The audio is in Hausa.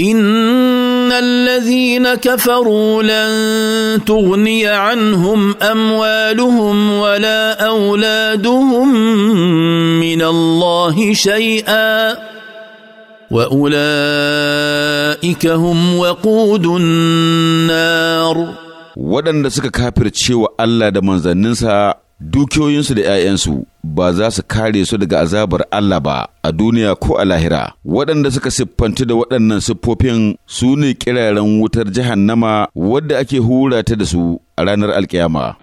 ان الذين كفروا لن تغني عنهم اموالهم ولا اولادهم من الله شيئا واولئك هم وقود النار waɗanda suka kafircewa Allah da manzanninsa dukiyoyinsu da ‘ya'yansu ba za su kare su daga azabar Allah ba a duniya ko a lahira waɗanda suka siffanci da waɗannan siffofin su ne kiraren wutar jahannama wadda ake hura ta da su a ranar alkiyama